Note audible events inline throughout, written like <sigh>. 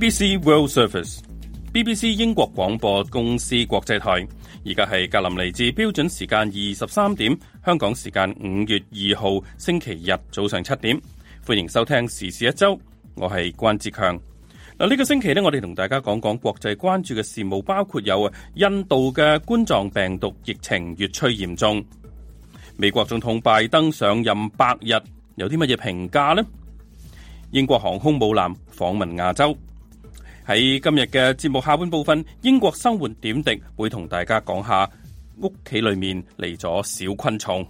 BBC World Service，BBC 英國廣播公司國際台，而家係格林尼治標準時間二十三點，香港時間五月二號星期日早上七點，歡迎收聽時事一周，我係關志強。嗱，呢個星期咧，我哋同大家講講國際關注嘅事務，包括有啊，印度嘅冠狀病毒疫情越趨嚴重，美國總統拜登上任百日有啲乜嘢評價呢？英國航空母艦訪問亞洲。喺今日嘅節目下半部分，英國生活點滴會同大家講下屋企裏面嚟咗小昆蟲。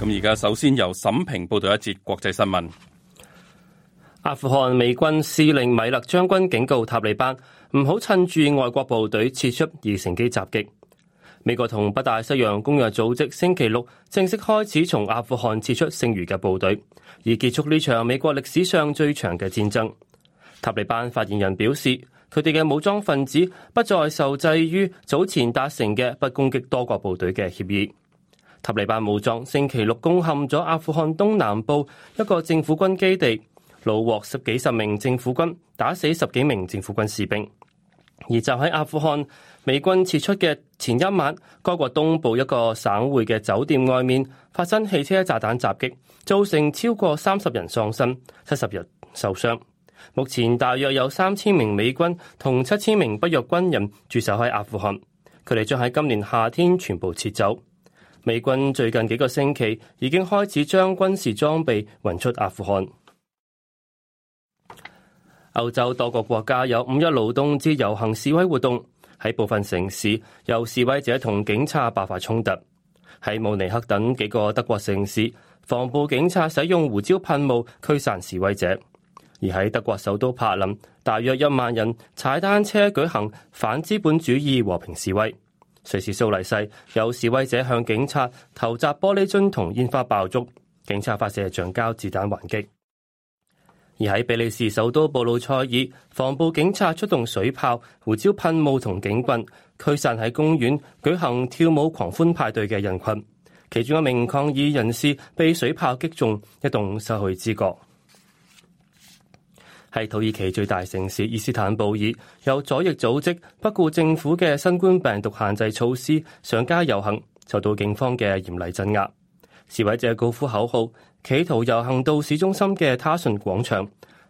咁而家首先由沈平報道一節國際新聞。阿富汗美軍司令米勒將軍警告塔利班唔好趁住外國部隊撤出而乘機襲擊。美國同北大西洋公約組織星期六正式開始從阿富汗撤出剩餘嘅部隊，而結束呢場美國歷史上最長嘅戰爭。塔利班發言人表示，佢哋嘅武裝分子不再受制於早前達成嘅不攻擊多國部隊嘅協議。塔利班武裝星期六攻陷咗阿富汗東南部一個政府軍基地，虜獲十幾十名政府軍，打死十幾名政府軍士兵。而就喺阿富汗美軍撤出嘅前一晚，該國東部一個省會嘅酒店外面發生汽車炸彈襲擊，造成超過三十人喪生，七十人受傷。目前大約有三千名美軍同七千名北約軍人駐守喺阿富汗，佢哋將喺今年夏天全部撤走。美軍最近幾個星期已經開始將軍事裝備運出阿富汗。歐洲多個國家有五一勞動節遊行示威活動，喺部分城市有示威者同警察爆發衝突。喺慕尼黑等幾個德國城市，防暴警察使用胡椒噴霧驅散示威者，而喺德國首都柏林，大約一萬人踩單車舉行反資本主義和平示威。瑞士蘇黎世有示威者向警察投擲玻璃樽同煙花爆竹，警察發射橡膠子彈還擊。而喺比利時首都布魯塞爾，防暴警察出動水炮、胡椒噴霧同警棍驅散喺公園舉行跳舞狂歡派對嘅人群。其中一名抗議人士被水炮擊中，一度失去知覺。喺土耳其最大城市伊斯坦布爾，有左翼組織不顧政府嘅新冠病毒限制措施上街遊行，受到警方嘅嚴厲鎮壓。示威者高呼口號。企圖遊行到市中心嘅他信廣場，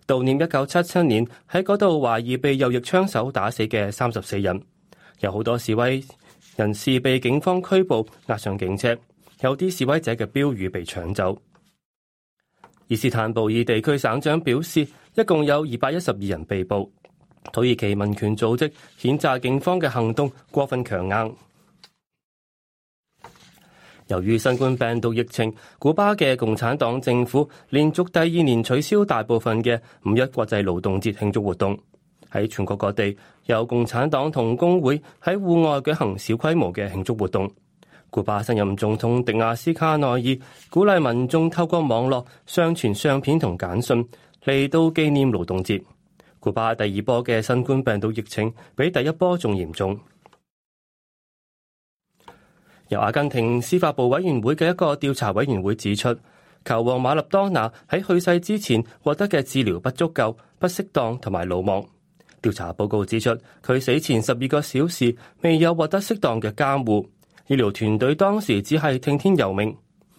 悼念一九七七年喺嗰度懷疑被右翼槍手打死嘅三十四人。有好多示威人士被警方拘捕押上警車，有啲示威者嘅標語被搶走。而斯坦布爾地區省長表示，一共有二百一十二人被捕。土耳其民權組織譴責警方嘅行動過分強硬。由於新冠病毒疫情，古巴嘅共產黨政府連續第二年取消大部分嘅五一國際勞動節慶祝活動。喺全國各地，由共產黨同工會喺戶外舉行小規模嘅慶祝活動。古巴新任總統迪亞斯卡內爾鼓勵民眾透過網絡上傳相片同簡訊嚟到紀念勞動節。古巴第二波嘅新冠病毒疫情比第一波仲嚴重。由阿根廷司法部委員會嘅一個調查委員會指出，球王馬立多納喺去世之前獲得嘅治療不足夠、不適當同埋魯莽。調查報告指出，佢死前十二個小時未有獲得適當嘅監護，醫療團隊當時只係聽天由命。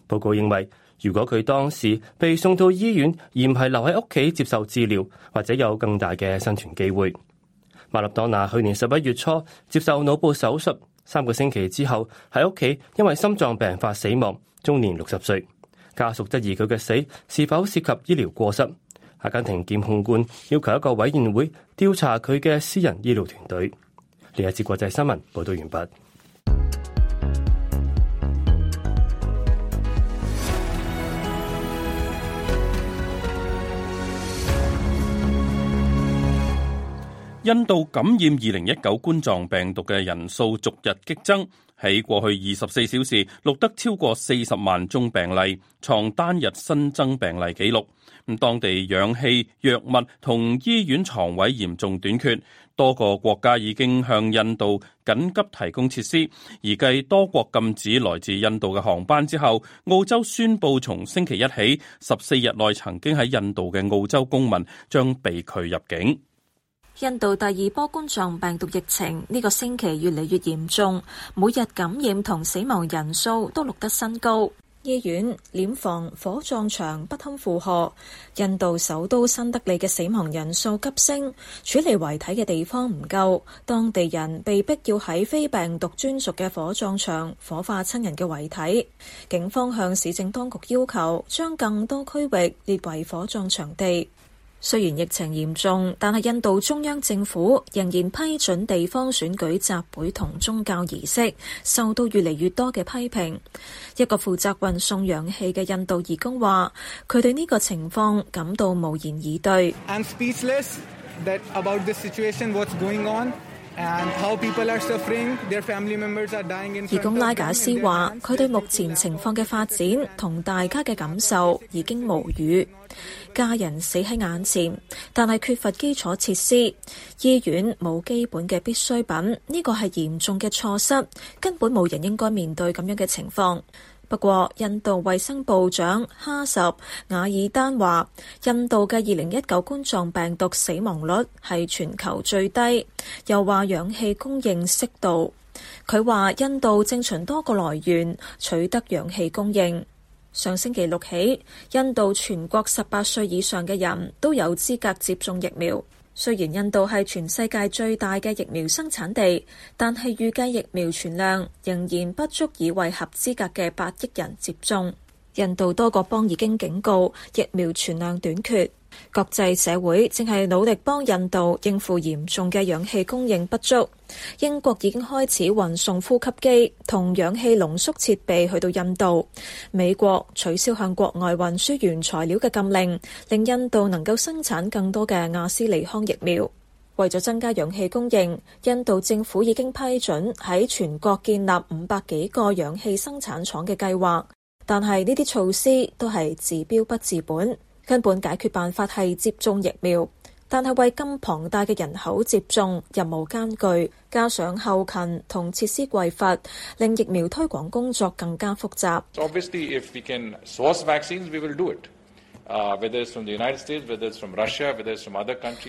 報告認為，如果佢當時被送到醫院，而唔係留喺屋企接受治療，或者有更大嘅生存機會。馬立多納去年十一月初接受腦部手術。三個星期之後喺屋企，因為心臟病發死亡，終年六十歲。家屬質疑佢嘅死是否涉及醫療過失。阿根廷檢控官要求一個委員會調查佢嘅私人醫療團隊。呢一節國際新聞報道完畢。印度感染二零一九冠狀病毒嘅人數逐日激增，喺過去二十四小時錄得超過四十萬宗病例，創單日新增病例紀錄。咁當地氧氣、藥物同醫院床位嚴重短缺，多個國家已經向印度緊急提供設施。而繼多國禁止來自印度嘅航班之後，澳洲宣布從星期一起，十四日內曾經喺印度嘅澳洲公民將被拒入境。印度第二波冠狀病毒疫情呢、這個星期越嚟越嚴重，每日感染同死亡人數都錄得新高。醫院殮房火葬場不堪負荷，印度首都新德里嘅死亡人數急升，處理遺體嘅地方唔夠，當地人被逼要喺非病毒專屬嘅火葬場火化親人嘅遺體。警方向市政當局要求將更多區域列為火葬場地。雖然疫情嚴重，但係印度中央政府仍然批准地方選舉集會同宗教儀式，受到越嚟越多嘅批評。一個負責運送氧氣嘅印度義工話，佢對呢個情況感到無言以對。義工拉賈斯話，佢對目前情況嘅發展同大家嘅感受已經無語。家人死喺眼前，但係缺乏基礎設施，醫院冇基本嘅必需品，呢個係嚴重嘅錯失，根本冇人應該面對咁樣嘅情況。不過，印度衛生部長哈什瓦爾丹話，印度嘅二零一九冠狀病毒死亡率係全球最低，又話氧氣供應適度。佢話印度正循多個來源取得氧氣供應。上星期六起，印度全國十八歲以上嘅人都有資格接種疫苗。雖然印度係全世界最大嘅疫苗生產地，但係預計疫苗存量仍然不足以為合資格嘅八億人接種。印度多個邦已經警告疫苗存量短缺。國際社會正係努力幫印度應付嚴重嘅氧氣供應不足。英國已經開始運送呼吸機同氧氣濃縮設備去到印度。美國取消向國外運輸原材料嘅禁令，令，令印度能夠生產更多嘅阿斯利康疫苗。為咗增加氧氣供應，印度政府已經批准喺全國建立五百幾個氧氣生產廠嘅計劃。但係呢啲措施都係治標不治本。根本解決辦法係接種疫苗，但係為咁龐大嘅人口接種任務艱巨，加上後勤同設施匱乏，令疫苗推廣工作更加複雜。 <noise>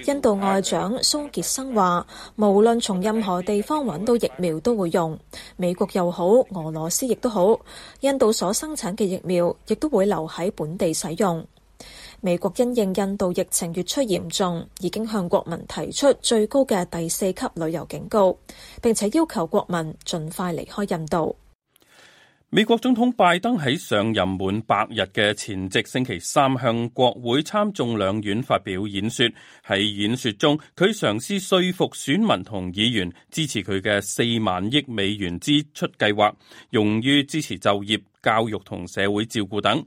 印度外長蘇傑生話，無論從任何地方揾到疫苗都會用，美國又好，俄羅斯亦都好，印度所生產嘅疫苗亦都會留喺本地使用。美國因應印度疫情越趨嚴重，已經向國民提出最高嘅第四級旅遊警告，並且要求國民盡快離開印度。美國總統拜登喺上任滿百日嘅前夕星期三向國會參眾兩院發表演說。喺演說中，佢嘗試說服選民同議員支持佢嘅四萬億美元支出計劃，用於支持就業、教育同社會照顧等。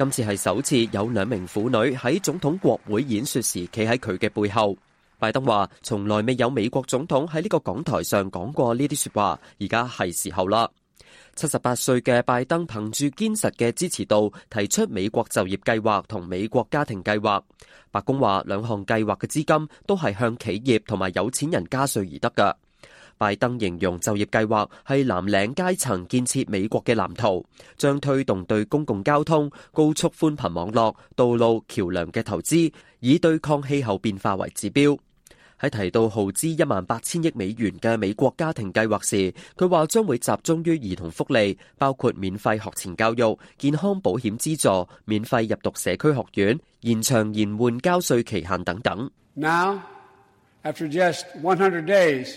今次係首次有兩名婦女喺總統國會演說時企喺佢嘅背後。拜登話：從來未有美國總統喺呢個講台上講過呢啲説話，而家係時候啦。七十八歲嘅拜登憑住堅實嘅支持度，提出美國就業計劃同美國家庭計劃。白宮話兩項計劃嘅資金都係向企業同埋有錢人加稅而得㗎。拜登形容就業計劃係藍領階層建設美國嘅藍圖，將推動對公共交通、高速寬頻網絡、道路、橋梁嘅投資，以對抗氣候變化為指標。喺提到耗資一萬八千億美元嘅美國家庭計劃時，佢話將會集中於兒童福利，包括免費學前教育、健康保險資助、免費入讀社區學院、延長延緩交稅期限等等。Now after just one hundred days.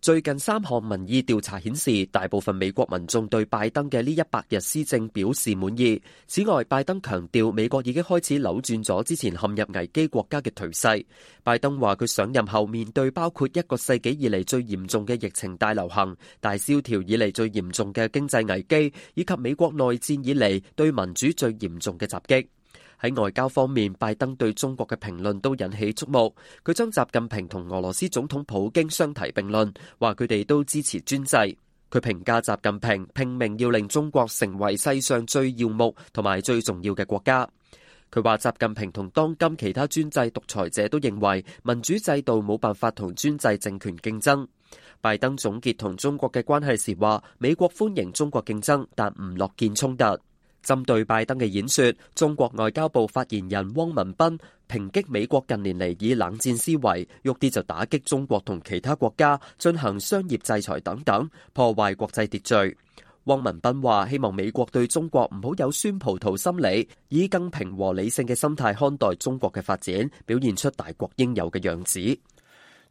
最近三項民意調查顯示，大部分美國民眾對拜登嘅呢一百日施政表示滿意。此外，拜登強調美國已經開始扭轉咗之前陷入危機國家嘅頹勢。拜登話佢上任後面對包括一個世紀以嚟最嚴重嘅疫情大流行、大蕭條以嚟最嚴重嘅經濟危機，以及美國內戰以嚟對民主最嚴重嘅襲擊。喺外交方面，拜登對中國嘅評論都引起矚目。佢將習近平同俄羅斯總統普京相提並論，話佢哋都支持專制。佢評價習近平拼命要令中國成為世上最耀目同埋最重要嘅國家。佢話習近平同當今其他專制獨裁者都認為民主制度冇辦法同專制政權競爭。拜登總結同中國嘅關係時話：美國歡迎中國競爭，但唔樂見衝突。針對拜登嘅演說，中國外交部發言人汪文斌抨擊美國近年嚟，以冷戰思維，喐啲就打擊中國同其他國家，進行商業制裁等等，破壞國際秩序。汪文斌話：希望美國對中國唔好有酸葡萄心理，以更平和理性嘅心態看待中國嘅發展，表現出大國應有嘅樣子。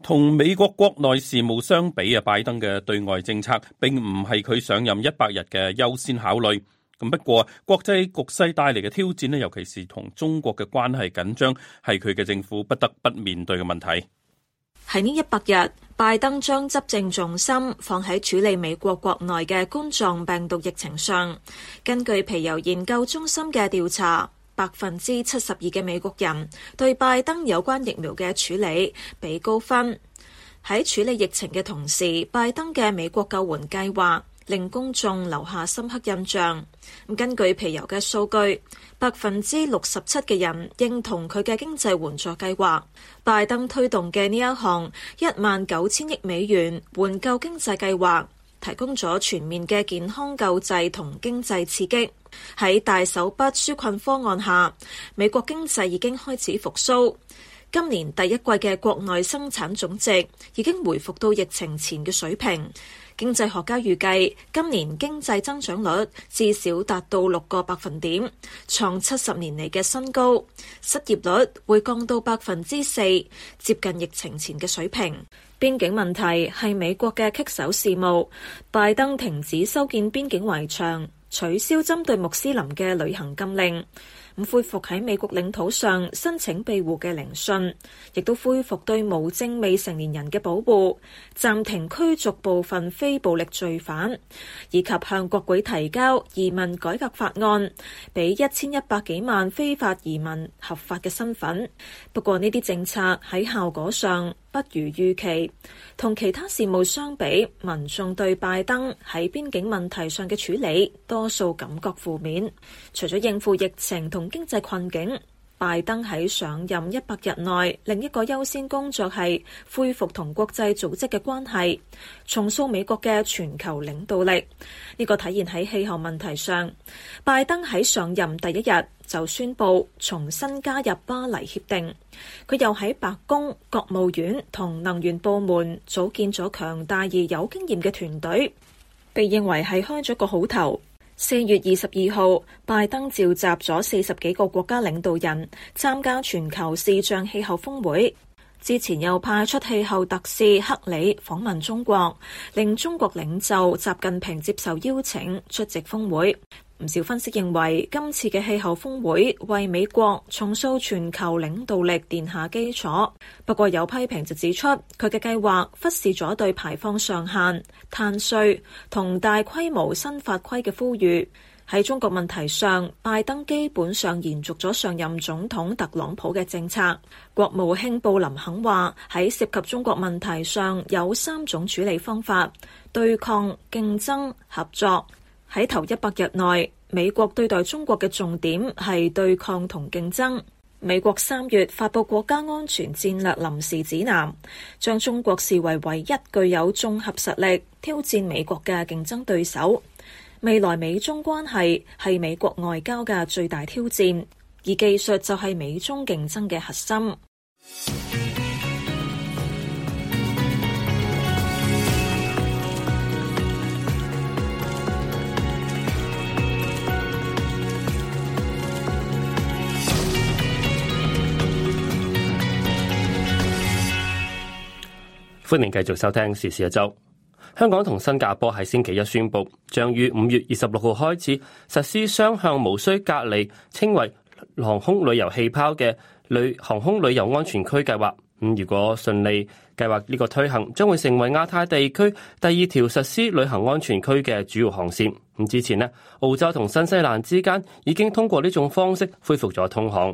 同美國國內事務相比，啊，拜登嘅對外政策並唔係佢上任一百日嘅優先考慮。咁不過國際局勢帶嚟嘅挑戰呢，尤其是同中國嘅關係緊張，係佢嘅政府不得不面對嘅問題。喺呢一百日，拜登將執政重心放喺處理美國國內嘅冠狀病毒疫情上。根據皮尤研究中心嘅調查，百分之七十二嘅美國人對拜登有關疫苗嘅處理俾高分。喺處理疫情嘅同時，拜登嘅美國救援計劃。令公眾留下深刻印象。根據皮尤嘅數據，百分之六十七嘅人認同佢嘅經濟援助計劃，拜登推動嘅呢一項一萬九千億美元援救經濟計劃，提供咗全面嘅健康救濟同經濟刺激。喺大手筆紓困方案下，美國經濟已經開始復甦。今年第一季嘅國內生產總值已經回復到疫情前嘅水平。經濟學家預計，今年經濟增長率至少達到六個百分點，創七十年嚟嘅新高。失業率會降到百分之四，接近疫情前嘅水平。邊境問題係美國嘅棘手事務。拜登停止修建邊境圍牆，取消針對穆斯林嘅旅行禁令。恢復喺美國領土上申請庇護嘅聆訊，亦都恢復對無證未成年人嘅保護，暫停驅逐部分非暴力罪犯，以及向國會提交移民改革法案，俾一千一百幾萬非法移民合法嘅身份。不過呢啲政策喺效果上，不如預期，同其他事務相比，民眾對拜登喺邊境問題上嘅處理，多數感覺負面，除咗應付疫情同經濟困境。拜登喺上任一百日內，另一個優先工作係恢復同國際組織嘅關係，重塑美國嘅全球領導力。呢、這個體現喺氣候問題上。拜登喺上任第一日就宣布重新加入巴黎協定，佢又喺白宮、國務院同能源部門組建咗強大而有經驗嘅團隊，被認為係開咗個好頭。四月二十二號，拜登召集咗四十幾個國家領導人參加全球視像氣候峰會，之前又派出氣候特使克里訪問中國，令中國領袖習近平接受邀請出席峰會。唔少分析認為今次嘅氣候峰會為美國重塑全球領導力奠下基礎，不過有批評就指出，佢嘅計劃忽視咗對排放上限、碳稅同大規模新法規嘅呼籲。喺中國問題上，拜登基本上延續咗上任總統特朗普嘅政策。國務卿布林肯話，喺涉及中國問題上有三種處理方法，對抗、競爭、合作。喺頭一百日內，美國對待中國嘅重點係對抗同競爭。美國三月發布國家安全戰略臨時指南，將中國視為唯一具有綜合實力挑戰美國嘅競爭對手。未來美中關係係美國外交嘅最大挑戰，而技術就係美中競爭嘅核心。歡迎繼續收聽時事一周。香港同新加坡喺星期一宣佈，將於五月二十六號開始實施雙向無需隔離，稱為航空旅遊氣泡嘅旅航空旅遊安全區計劃。咁如果順利，計劃呢個推行將會成為亞太地區第二條實施旅行安全區嘅主要航線。咁之前咧，澳洲同新西蘭之間已經通過呢種方式恢復咗通航。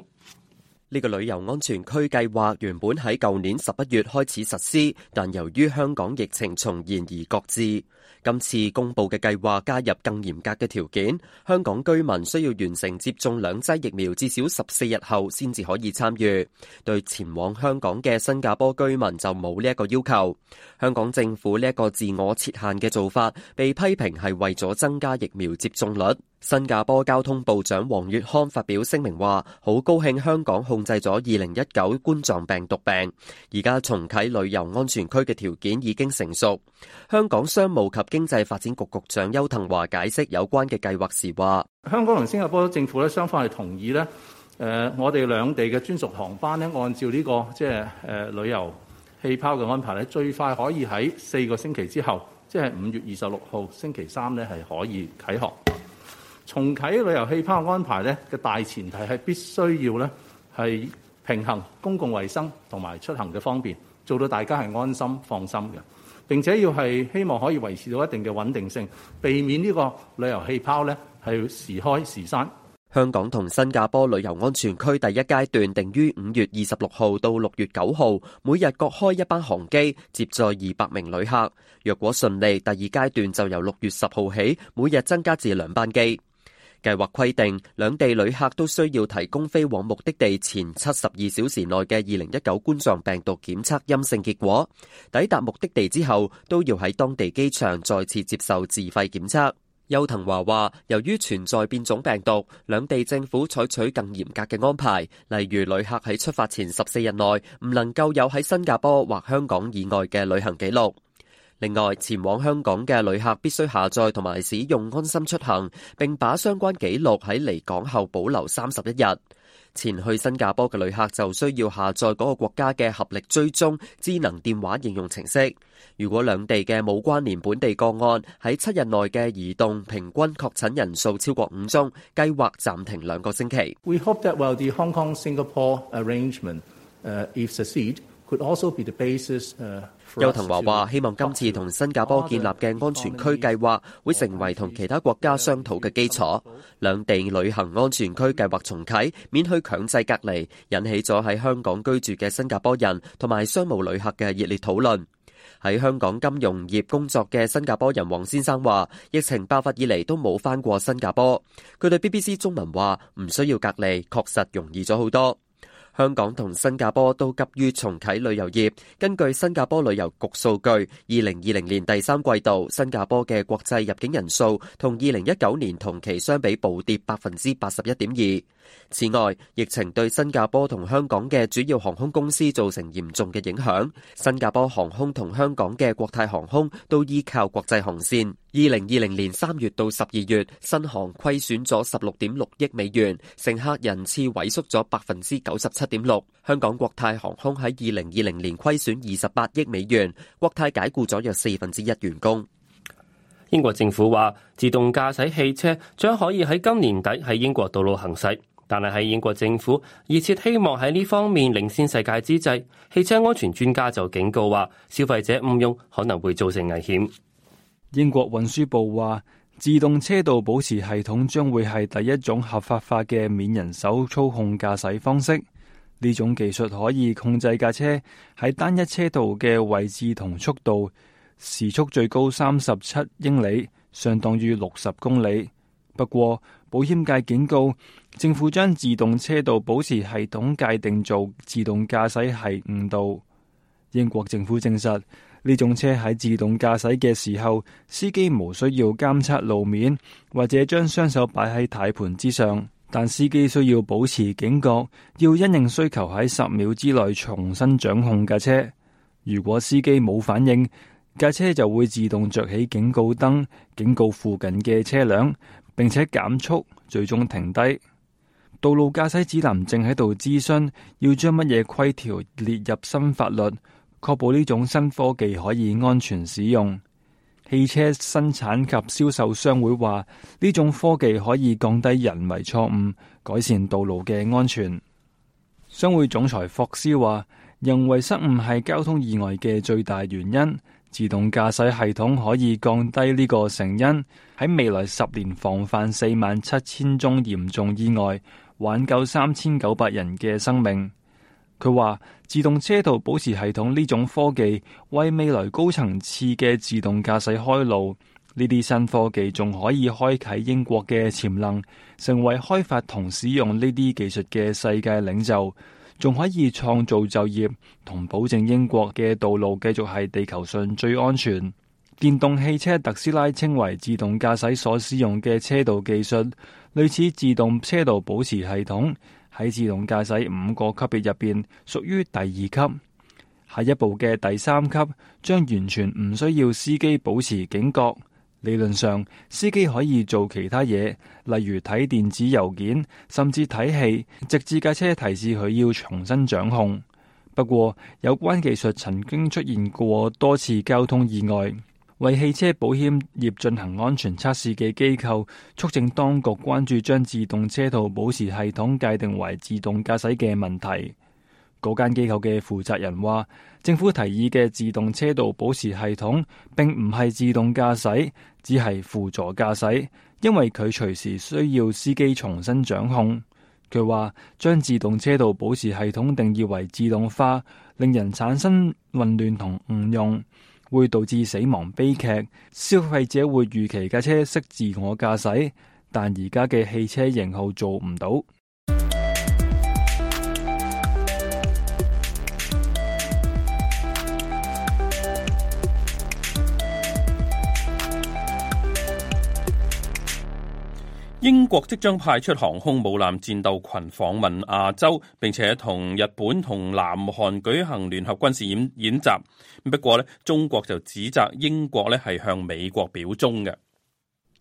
呢個旅遊安全區計劃原本喺舊年十一月開始實施，但由於香港疫情重燃而擱置。今次公布嘅計劃加入更嚴格嘅條件，香港居民需要完成接種兩劑疫苗至少十四日後先至可以參與。對前往香港嘅新加坡居民就冇呢一個要求。香港政府呢一個自我設限嘅做法被批評係為咗增加疫苗接種率。新加坡交通部長王乙康發表聲明話：好高興香港控制咗二零一九冠狀病毒病，而家重啟旅遊安全區嘅條件已經成熟。香港商務。及經濟發展局局長邱騰華解釋有關嘅計劃時話，香港同新加坡政府咧，雙方係同意呢。誒，我哋兩地嘅專屬航班咧，按照呢個即係誒旅遊氣泡嘅安排，呢最快可以喺四個星期之後，即係五月二十六號星期三呢，係可以啟航。重啟旅遊氣泡安排呢嘅大前提係必須要呢係平衡公共衞生同埋出行嘅方便，做到大家係安心放心嘅。並且要係希望可以維持到一定嘅穩定性，避免呢個旅遊氣泡呢係時開時閂。香港同新加坡旅遊安全區第一階段定於五月二十六號到六月九號，每日各開一班航機，接載二百名旅客。若果順利，第二階段就由六月十號起，每日增加至兩班機。計劃規定，兩地旅客都需要提供飛往目的地前七十二小時內嘅二零一九冠狀病毒檢測陰性結果。抵達目的地之後，都要喺當地機場再次接受自費檢測。邱騰華話，由於存在變種病毒，兩地政府採取更嚴格嘅安排，例如旅客喺出發前十四日內唔能夠有喺新加坡或香港以外嘅旅行記錄。另外，前往香港嘅旅客必須下載同埋使用安心出行，並把相關記錄喺離港後保留三十一日。前去新加坡嘅旅客就需要下載嗰個國家嘅合力追蹤智能電話應用程式。如果兩地嘅冇關聯本地個案喺七日內嘅移動平均確診人數超過五宗，計劃暫停兩個星期。邱騰華話：希望今次同新加坡建立嘅安全區計劃，會成為同其他國家商討嘅基礎。兩地旅行安全區計劃重啟，免去強制隔離，引起咗喺香港居住嘅新加坡人同埋商務旅客嘅熱烈討論。喺香港金融業工作嘅新加坡人黃先生話：疫情爆發以嚟都冇翻過新加坡。佢對 BBC 中文話：唔需要隔離，確實容易咗好多。香港同新加坡都急於重啟旅遊業。根據新加坡旅遊局數據，二零二零年第三季度新加坡嘅國際入境人數同二零一九年同期相比暴跌百分之八十一點二。此外，疫情對新加坡同香港嘅主要航空公司造成嚴重嘅影響。新加坡航空同香港嘅國泰航空都依靠國際航綫。二零二零年三月到十二月，新航虧損咗十六點六億美元，乘客人次萎縮咗百分之九十七點六。香港國泰航空喺二零二零年虧損二十八億美元，國泰解僱咗約四分之一員工。英國政府話，自動駕駛汽車將可以喺今年底喺英國道路行駛，但係喺英國政府熱切希望喺呢方面領先世界之際，汽車安全專家就警告話，消費者誤用可能會造成危險。英國運輸部話，自動車道保持系統將會係第一種合法化嘅免人手操控駕駛方式。呢種技術可以控制架車喺單一車道嘅位置同速度，時速最高三十七英里，相當於六十公里。不過，保險界警告政府將自動車道保持系統界定做自動駕駛係誤導。英國政府證實。呢種車喺自動駕駛嘅時候，司機無需要監測路面或者將雙手擺喺軚盤之上，但司機需要保持警覺，要因應需求喺十秒之內重新掌控架車。如果司機冇反應，架車就會自動着起警告燈，警告附近嘅車輛，並且減速，最終停低。道路駕駛指南正喺度諮詢要將乜嘢規條列入新法律。確保呢種新科技可以安全使用。汽車生產及銷售商會話：呢種科技可以降低人為錯誤，改善道路嘅安全。商會總裁霍斯話：人為失誤係交通意外嘅最大原因，自動駕駛系統可以降低呢個成因，喺未來十年防範四萬七千宗嚴重意外，挽救三千九百人嘅生命。佢話：自動車道保持系統呢種科技，為未來高層次嘅自動駕駛開路。呢啲新科技仲可以開啓英國嘅潛能，成為開發同使用呢啲技術嘅世界領袖。仲可以創造就業同保證英國嘅道路繼續係地球上最安全。電動汽車特斯拉稱為自動駕駛所使用嘅車道技術，類似自動車道保持系統。喺自動駕駛五個級別入邊，屬於第二級。下一步嘅第三級將完全唔需要司機保持警覺，理論上，司機可以做其他嘢，例如睇電子郵件，甚至睇戲，直至架車提示佢要重新掌控。不過，有關技術曾經出現過多次交通意外。為汽車保險業進行安全測試嘅機構，促請當局關注將自動車道保持系統界定為自動駕駛嘅問題。嗰間機構嘅負責人話，政府提議嘅自動車道保持系統，並唔係自動駕駛，只係輔助駕駛，因為佢隨時需要司機重新掌控。佢話，將自動車道保持系統定義為自動化，令人產生混亂同誤用。會導致死亡悲劇。消費者會預期架車識自我駕駛，但而家嘅汽車型號做唔到。英國即將派出航空母艦戰鬥群訪問亞洲，並且同日本同南韓舉行聯合軍事演演習。不過呢，中國就指責英國呢係向美國表忠嘅。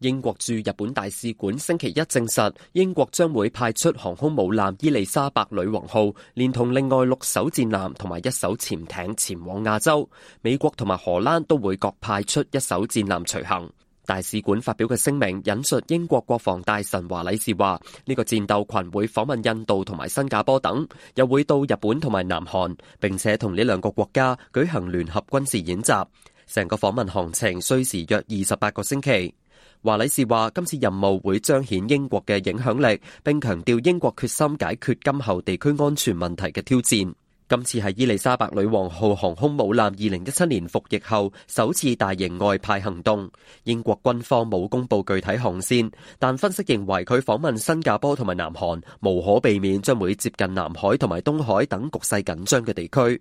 英國駐日本大使館星期一證實，英國將會派出航空母艦伊麗莎白女王號，連同另外六艘戰艦同埋一艘潛艇前往亞洲。美國同埋荷蘭都會各派出一艘戰艦隨行。大使館發表嘅聲明引述英國國防大臣華禮士話：呢個戰鬥群會訪問印度同埋新加坡等，又會到日本同埋南韓，並且同呢兩個國家舉行聯合軍事演習。成個訪問行程需時約二十八個星期。華禮士話：今次任務會彰顯英國嘅影響力，並強調英國決心解決今後地區安全問題嘅挑戰。今次係伊利沙伯女王號航空母艦二零一七年服役後首次大型外派行動，英國軍方冇公布具體航線，但分析認為佢訪問新加坡同埋南韓，無可避免將會接近南海同埋東海等局勢緊張嘅地區。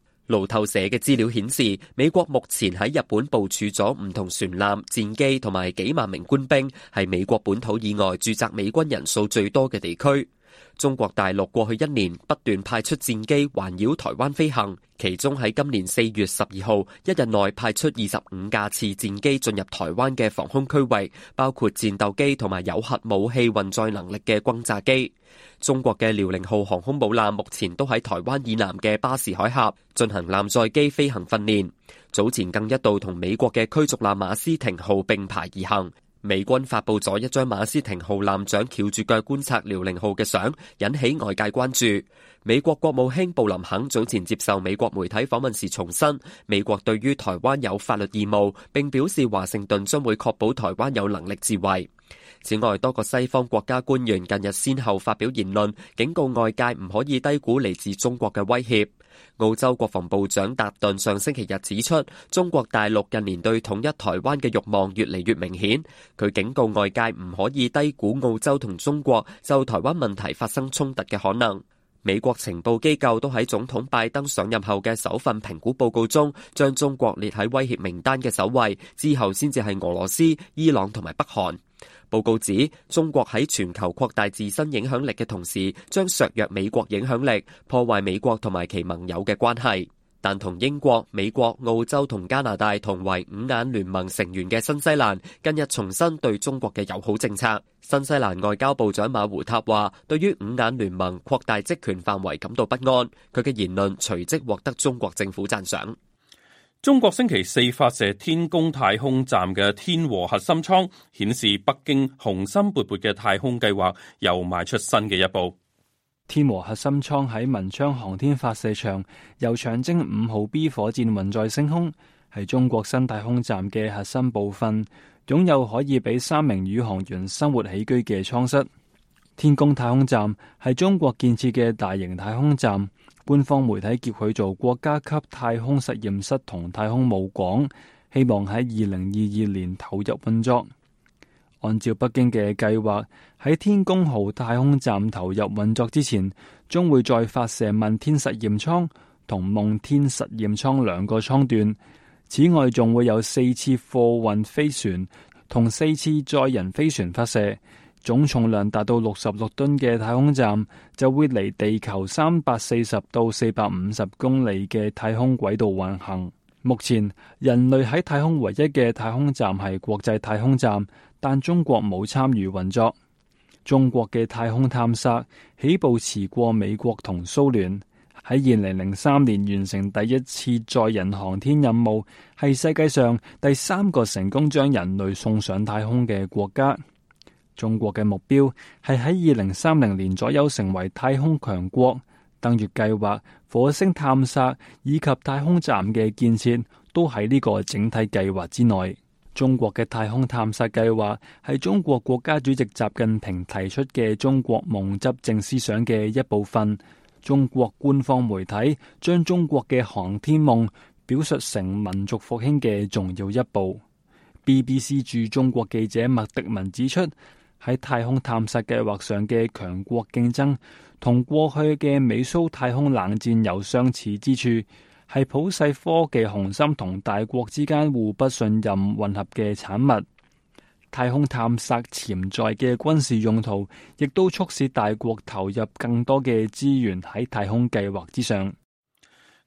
路透社嘅資料顯示，美國目前喺日本部署咗唔同船艦、戰機同埋幾萬名官兵，係美國本土以外駐紮美軍人數最多嘅地區。中國大陸過去一年不斷派出戰機環繞台灣飛行，其中喺今年四月十二號，一日內派出二十五架次戰機進入台灣嘅防空區域，包括戰鬥機同埋有核武器運載能力嘅轟炸機。中國嘅遼寧號航空母艦目前都喺台灣以南嘅巴士海峽進行艦載機飛行訓練，早前更一度同美國嘅驅逐艦馬斯廷號並排而行。美軍發布咗一張馬斯廷號艦長翹住腳觀察遼寧號嘅相，引起外界關注。美國國務卿布林肯早前接受美國媒體訪問時重申，美國對於台灣有法律義務，並表示華盛頓將會確保台灣有能力自衛。此外，多個西方國家官員近日先後發表言論，警告外界唔可以低估嚟自中國嘅威脅。澳洲國防部長達頓上星期日指出，中國大陸近年對統一台灣嘅欲望越嚟越明顯。佢警告外界唔可以低估澳洲同中國就台灣問題發生衝突嘅可能。美國情報機構都喺總統拜登上任後嘅首份評估報告中，將中國列喺威脅名單嘅首位，之後先至係俄羅斯、伊朗同埋北韓。報告指，中國喺全球擴大自身影響力嘅同時，將削弱美國影響力，破壞美國同埋其盟友嘅關係。但同英國、美國、澳洲同加拿大同為五眼聯盟成員嘅新西蘭近日重申對中國嘅友好政策。新西蘭外交部長馬胡塔話對於五眼聯盟擴大職權範圍感到不安。佢嘅言論隨即獲得中國政府讚賞。中國星期四發射天宮太空站嘅天和核心艙，顯示北京雄心勃勃嘅太空計劃又邁出新嘅一步。天和核心艙喺文昌航天發射場由長征五號 B 火箭運載升空，係中國新太空站嘅核心部分，擁有可以俾三名宇航員生活起居嘅艙室。天宮太空站係中國建設嘅大型太空站。官方媒體叫佢做國家級太空實驗室同太空母港，希望喺二零二二年投入運作。按照北京嘅計劃，喺天宮號太空站投入運作之前，將會再發射問天實驗艙同夢天實驗艙兩個艙段。此外，仲會有四次貨運飛船同四次載人飛船發射。總重量達到六十六噸嘅太空站，就會離地球三百四十到四百五十公里嘅太空軌道運行。目前人類喺太空唯一嘅太空站係國際太空站，但中國冇參與運作。中國嘅太空探索起步遲過美國同蘇聯，喺二零零三年完成第一次載人航天任務，係世界上第三個成功將人類送上太空嘅國家。中國嘅目標係喺二零三零年左右成為太空強國。登月計劃、火星探索以及太空站嘅建設都喺呢個整體計劃之內。中國嘅太空探索計劃係中國國家主席習近平提出嘅中國夢執政思想嘅一部分。中國官方媒體將中國嘅航天夢表述成民族復興嘅重要一步。BBC 駐中國記者麥迪文指出，喺太空探索計劃上嘅強國競爭同過去嘅美蘇太空冷戰有相似之處，係普世科技雄心同大國之間互不信任混合嘅產物。太空探索潛在嘅軍事用途，亦都促使大國投入更多嘅資源喺太空計劃之上。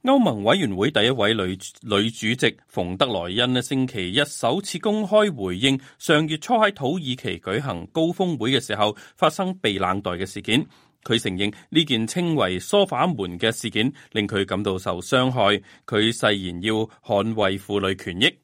歐盟委員會第一位女女主席馮德萊恩呢星期一首次公開回應上月初喺土耳其舉行高峰會嘅時候發生被冷待嘅事件，佢承認呢件稱為“梳化門”嘅事件令佢感到受傷害，佢誓言要捍衛婦女權益。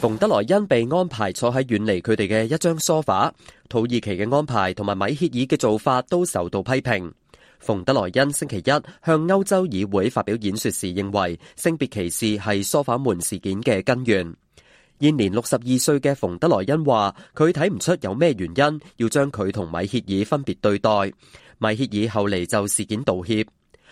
馮德萊恩被安排坐喺遠離佢哋嘅一張梳化，土耳其嘅安排同埋米歇爾嘅做法都受到批評。馮德萊恩星期一向歐洲議會發表演說時，認為性別歧視係梳化門事件嘅根源。現年六十二歲嘅馮德萊恩話，佢睇唔出有咩原因要將佢同米歇爾分別對待。米歇爾後嚟就事件道歉。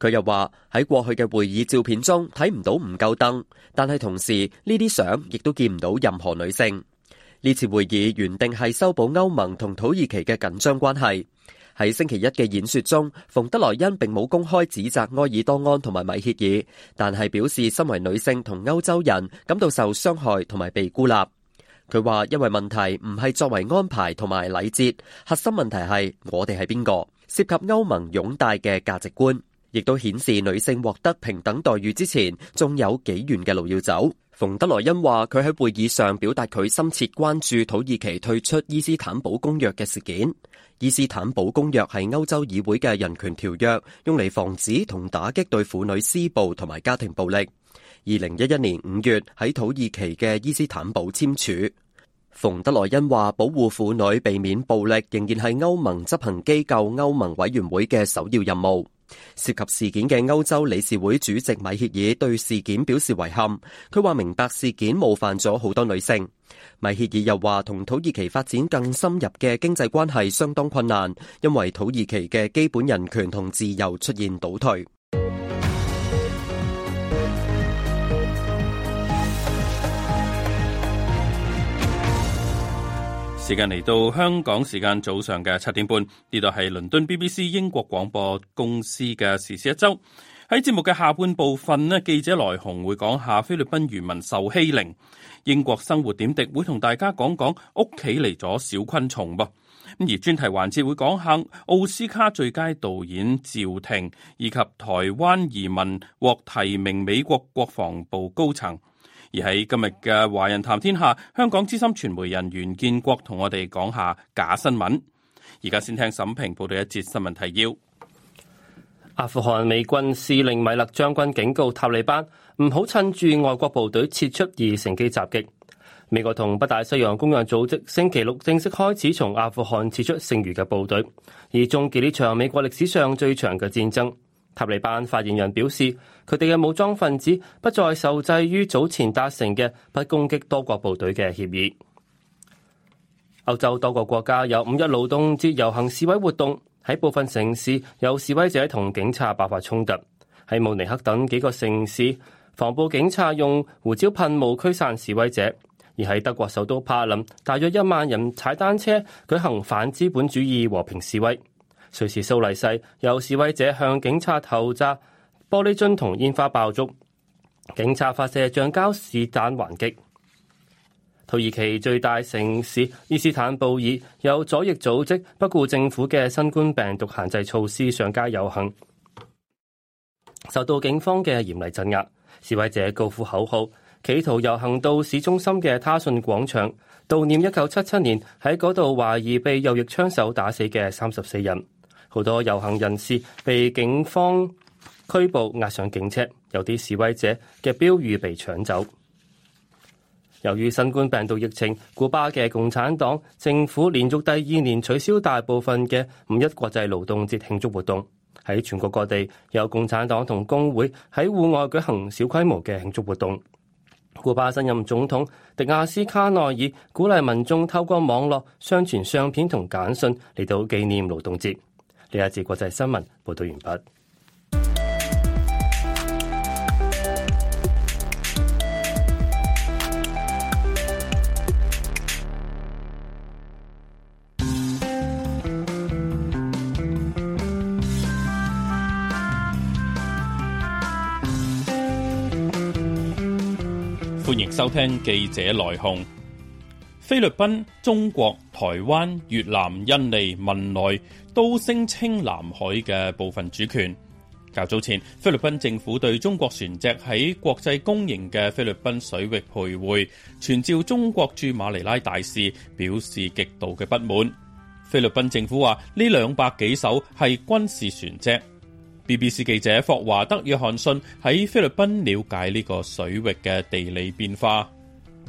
佢又話喺過去嘅會議照片中睇唔到唔夠燈，但係同時呢啲相亦都見唔到任何女性。呢次會議原定係修補歐盟同土耳其嘅緊張關係。喺星期一嘅演說中，馮德萊恩並冇公開指責埃爾多安同埋米歇爾，但係表示身為女性同歐洲人感到受傷害同埋被孤立。佢話因為問題唔係作為安排同埋禮節，核心問題係我哋係邊個涉及歐盟擁戴嘅價值觀。亦都顯示女性獲得平等待遇之前，仲有幾遠嘅路要走。馮德萊恩話：佢喺會議上表達佢深切關注土耳其退出伊斯坦堡公約嘅事件。伊斯坦堡公約係歐洲議會嘅人權條約，用嚟防止同打擊對婦女施暴同埋家庭暴力。二零一一年五月喺土耳其嘅伊斯坦堡簽署。馮德萊恩話：保護婦女避免暴力仍然係歐盟執行機構歐盟委員會嘅首要任務。涉及事件嘅歐洲理事會主席米歇爾對事件表示遺憾，佢話明白事件冒犯咗好多女性。米歇爾又話，同土耳其發展更深入嘅經濟關係相當困難，因為土耳其嘅基本人權同自由出現倒退。時間嚟到香港時間早上嘅七點半，呢度係倫敦 BBC 英國廣播公司嘅時事一周。喺節目嘅下半部分咧，記者來鴻會講下菲律賓漁民受欺凌；英國生活點滴會同大家講講屋企嚟咗小昆蟲噃。咁而專題環節會講下奧斯卡最佳導演趙婷以及台灣移民獲提名美國國防部高層。而喺今日嘅《華人談天下》，香港資深傳媒人袁建國同我哋講下假新聞。而家先聽沈平報道一節新聞提要。阿富汗美軍司令米勒將軍警告塔利班唔好趁住外國部隊撤出而乘機襲擊。美國同北大西洋公約組織星期六正式開始從阿富汗撤出剩餘嘅部隊，而終結呢場美國歷史上最長嘅戰爭。塔利班發言人表示，佢哋嘅武裝分子不再受制於早前達成嘅不攻擊多國部隊嘅協議。歐洲多個國家有五一勞動節遊行示威活動，喺部分城市有示威者同警察爆發衝突。喺慕尼克等幾個城市，防暴警察用胡椒噴霧驅散示威者，而喺德國首都柏林，大約一萬人踩單車舉行反資本主義和平示威。瑞士蘇黎世有示威者向警察投擲玻璃樽同煙花爆竹，警察發射橡膠子彈還擊。土耳其最大城市伊斯坦布爾有左翼組織不顧政府嘅新冠病毒限制措施，上街遊行，受到警方嘅嚴厲鎮壓。示威者高呼口號，企圖遊行到市中心嘅他信廣場，悼念一九七七年喺嗰度懷疑被右翼槍手打死嘅三十四人。好多遊行人士被警方拘捕，押上警車。有啲示威者嘅標語被搶走。由於新冠病毒疫情，古巴嘅共產黨政府連續第二年取消大部分嘅五一國際勞動節慶祝活動。喺全國各地，有共產黨同工會喺戶外舉行小規模嘅慶祝活動。古巴新任總統迪亞斯卡內爾鼓勵民眾透過網絡相傳相片同簡訊嚟到紀念勞動節。呢一次國際新聞報道完畢。歡迎收聽記者來鴻。菲律賓、中國、台灣、越南、印尼、文萊都聲稱南海嘅部分主權。較早前，菲律賓政府對中國船隻喺國際公營嘅菲律賓水域徘徊，傳召中國駐馬尼拉大使，表示極度嘅不滿。菲律賓政府話呢兩百幾艘係軍事船隻。BBC 記者霍華德約翰遜喺菲律賓了解呢個水域嘅地理變化。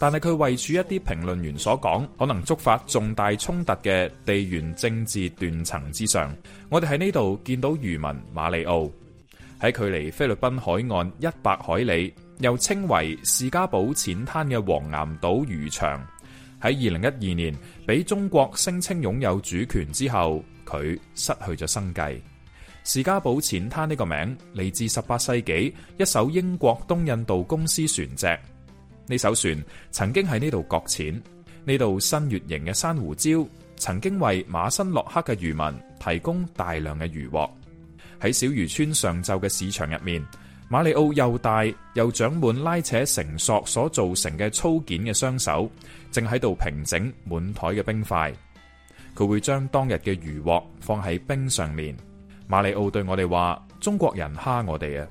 但係佢位處一啲評論員所講可能觸發重大衝突嘅地緣政治斷層之上，我哋喺呢度見到漁民馬里奧喺距離菲律賓海岸一百海里，又稱為士加堡淺灘嘅黃岩島漁場，喺二零一二年俾中國聲稱擁有主權之後，佢失去咗生計。士加堡淺灘呢個名嚟自十八世紀一艘英國東印度公司船隻。呢艘船曾經喺呢度擱淺，呢度新月形嘅珊瑚礁曾經為馬新洛克嘅漁民提供大量嘅漁獲。喺小漁村上晝嘅市場入面，馬里奧又大又長滿拉扯繩索所造成嘅粗件嘅雙手，正喺度平整滿台嘅冰塊。佢會將當日嘅漁獲放喺冰上面。馬里奧對我哋話：中國人蝦我哋啊！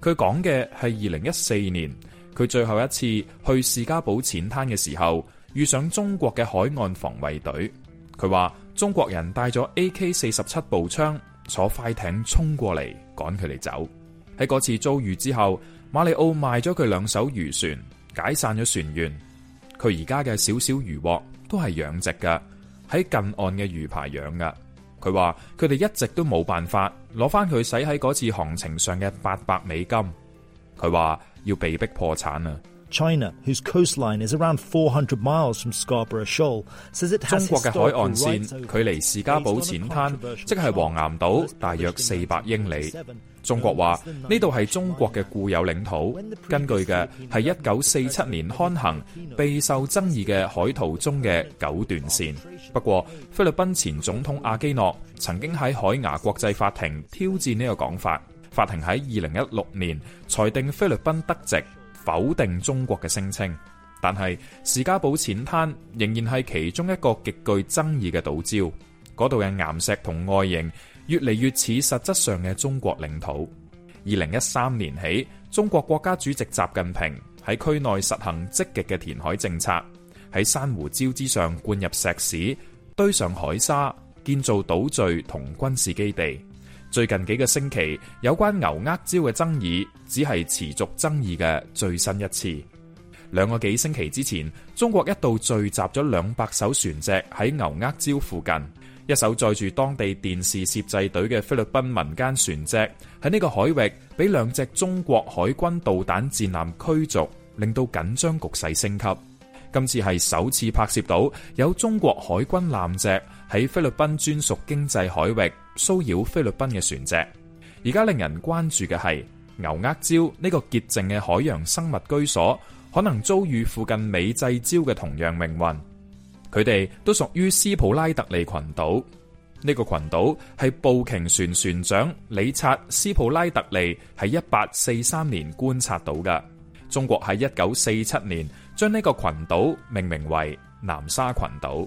佢講嘅係二零一四年。佢最後一次去士加堡淺灘嘅時候，遇上中國嘅海岸防衛隊。佢話中國人帶咗 AK 四十七步槍，坐快艇衝過嚟趕佢哋走。喺嗰次遭遇之後，馬里奧賣咗佢兩艘漁船，解散咗船員。佢而家嘅小小漁獲都係養殖噶，喺近岸嘅魚排養噶。佢話佢哋一直都冇辦法攞翻佢使喺嗰次航程上嘅八百美金。佢話要被迫破產啊！中國嘅海岸線距離士加堡淺灘，即係黃岩島，大約四百英里。中國話呢度係中國嘅固有領土，根據嘅係一九四七年刊行、備受爭議嘅海圖中嘅九段線。不過，菲律賓前總統阿基諾曾經喺海牙國際法庭挑戰呢個講法。法庭喺二零一六年裁定菲律賓得直，否定中國嘅聲稱。但係，史加堡淺灘仍然係其中一個極具爭議嘅島礁。嗰度嘅岩石同外形越嚟越似實質上嘅中國領土。二零一三年起，中國國家主席習近平喺區內實行積極嘅填海政策，喺珊瑚礁之上灌入石屎，堆上海沙，建造島嶼同軍事基地。最近幾個星期有關牛軛礁嘅爭議，只係持續爭議嘅最新一次。兩個幾星期之前，中國一度聚集咗兩百艘船隻喺牛軛礁附近，一艘載住當地電視攝製隊嘅菲律賓民間船隻喺呢個海域，俾兩隻中國海軍導彈戰艦驅逐，令到緊張局勢升級。今次係首次拍攝到有中國海軍艦隻。喺菲律賓專屬經濟海域騷擾菲律賓嘅船隻，而家令人關注嘅係牛軛礁呢個潔淨嘅海洋生物居所，可能遭遇附近美濟礁嘅同樣命運。佢哋都屬於斯普拉特利群島，呢、這個群島係捕鯨船船長李察斯普拉特利喺一八四三年觀察到噶。中國喺一九四七年將呢個群島命名為南沙群島。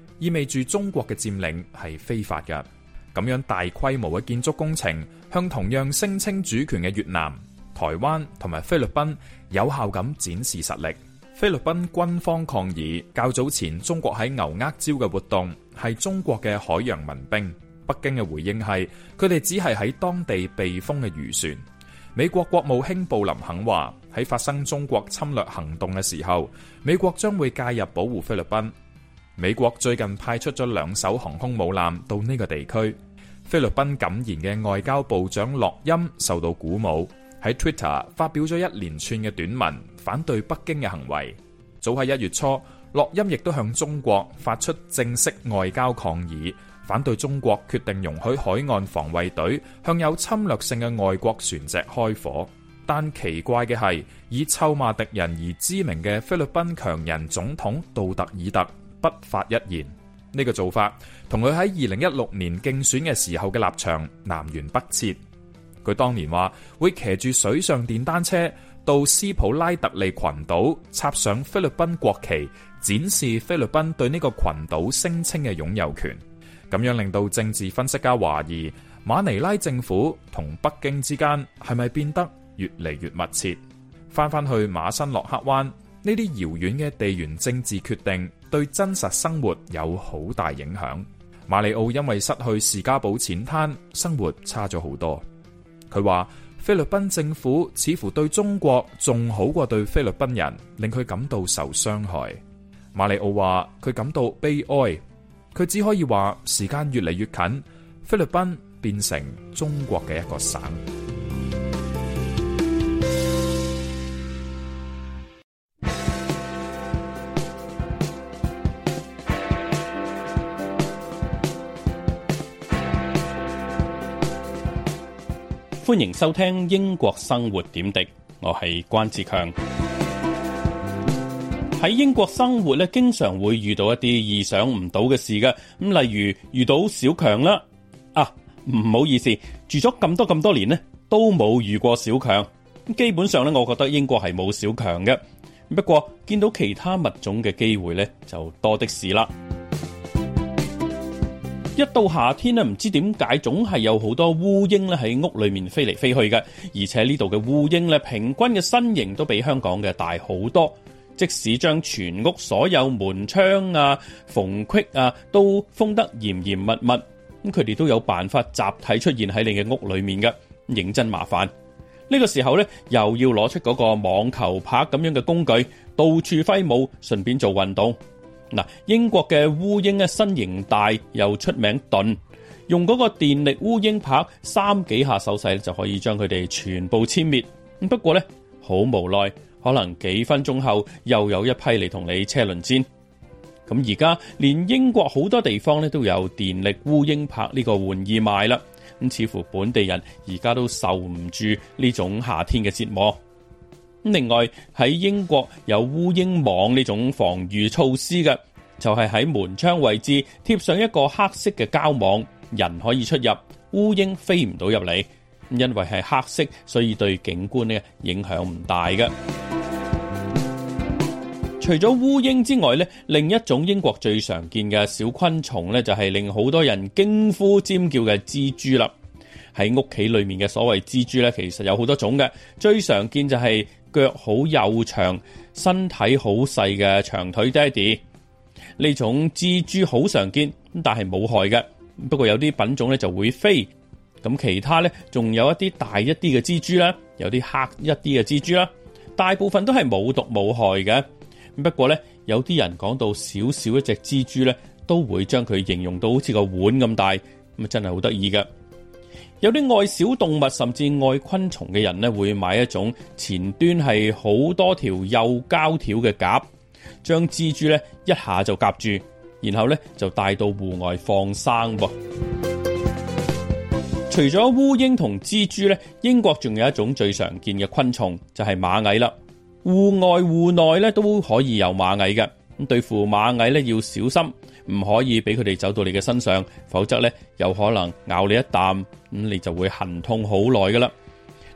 意味住中國嘅佔領係非法嘅，咁樣大規模嘅建築工程向同樣聲稱主權嘅越南、台灣同埋菲律賓有效咁展示實力。菲律賓軍方抗議較早前中國喺牛軛礁嘅活動係中國嘅海洋民兵。北京嘅回應係佢哋只係喺當地避風嘅漁船。美國國務卿布林肯話喺發生中國侵略行動嘅時候，美國將會介入保護菲律賓。美國最近派出咗兩艘航空母艦到呢個地區。菲律賓敢言嘅外交部長洛欽受到鼓舞，喺 Twitter 發表咗一連串嘅短文，反對北京嘅行為。早喺一月初，洛欽亦都向中國發出正式外交抗議，反對中國決定容許海岸防衛隊向有侵略性嘅外國船隻開火。但奇怪嘅係，以臭罵敵人而知名嘅菲律賓強人總統杜特爾特。不發一言，呢個做法同佢喺二零一六年競選嘅時候嘅立場南轅北轍。佢當年話會騎住水上電單車到斯普拉特利群島插上菲律賓國旗，展示菲律賓對呢個群島聲稱嘅擁有權。咁樣令到政治分析家懷疑馬尼拉政府同北京之間係咪變得越嚟越密切？翻翻去馬新洛克灣。呢啲遙遠嘅地緣政治決定對真實生活有好大影響。馬里奧因為失去士加堡淺灘，生活差咗好多。佢話菲律賓政府似乎對中國仲好過對菲律賓人，令佢感到受傷害。馬里奧話佢感到悲哀，佢只可以話時間越嚟越近，菲律賓變成中國嘅一個省。歡迎收聽英國生活點滴，我係關志強。喺英國生活咧，經常會遇到一啲意想唔到嘅事嘅，咁，例如遇到小強啦，啊，唔好意思，住咗咁多咁多年咧，都冇遇過小強。基本上咧，我覺得英國係冇小強嘅。不過見到其他物種嘅機會咧，就多的是啦。一到夏天咧，唔知點解總係有好多烏蠅咧喺屋裏面飛嚟飛去嘅，而且呢度嘅烏蠅咧平均嘅身形都比香港嘅大好多。即使將全屋所有門窗啊、縫隙啊都封得嚴嚴密密，咁佢哋都有辦法集體出現喺你嘅屋裏面嘅，認真麻煩。呢、這個時候咧，又要攞出嗰個網球拍咁樣嘅工具到處揮舞，順便做運動。英國嘅烏蠅咧身形大又出名鈍，用嗰個電力烏蠅拍三幾下手勢就可以將佢哋全部殲滅。不過呢，好無奈，可能幾分鐘後又有一批嚟同你車輪戰。咁而家連英國好多地方咧都有電力烏蠅拍呢個玩意賣啦。咁似乎本地人而家都受唔住呢種夏天嘅折磨。另外喺英國有烏蠅網呢種防禦措施嘅，就係喺門窗位置貼上一個黑色嘅膠網，人可以出入，烏蠅飛唔到入嚟。因為係黑色，所以對景觀呢影響唔大嘅。 <music> 除咗烏蠅之外呢，另一種英國最常見嘅小昆蟲呢，就係令好多人驚呼尖叫嘅蜘蛛啦。喺屋企裏面嘅所謂蜘蛛呢，其實有好多種嘅，最常見就係。腳好幼長，身體好細嘅長腿爹哋，呢種蜘蛛好常見，但係冇害嘅。不過有啲品種咧就會飛，咁其他咧仲有一啲大一啲嘅蜘蛛啦，有啲黑一啲嘅蜘蛛啦，大部分都係冇毒冇害嘅。不過咧有啲人講到少少一隻蜘蛛咧，都會將佢形容到好似個碗咁大，咁啊真係好得意嘅。有啲愛小動物甚至愛昆蟲嘅人咧，會買一種前端係好多條幼膠條嘅夾，將蜘蛛咧一下就夾住，然後呢就帶到戶外放生。噃， <noise> 除咗烏蠅同蜘蛛呢，英國仲有一種最常見嘅昆蟲就係螞蟻啦。戶外戶內咧都可以有螞蟻嘅，咁對付螞蟻呢要小心。唔可以俾佢哋走到你嘅身上，否則呢有可能咬你一啖，咁你就會痕痛好耐噶啦。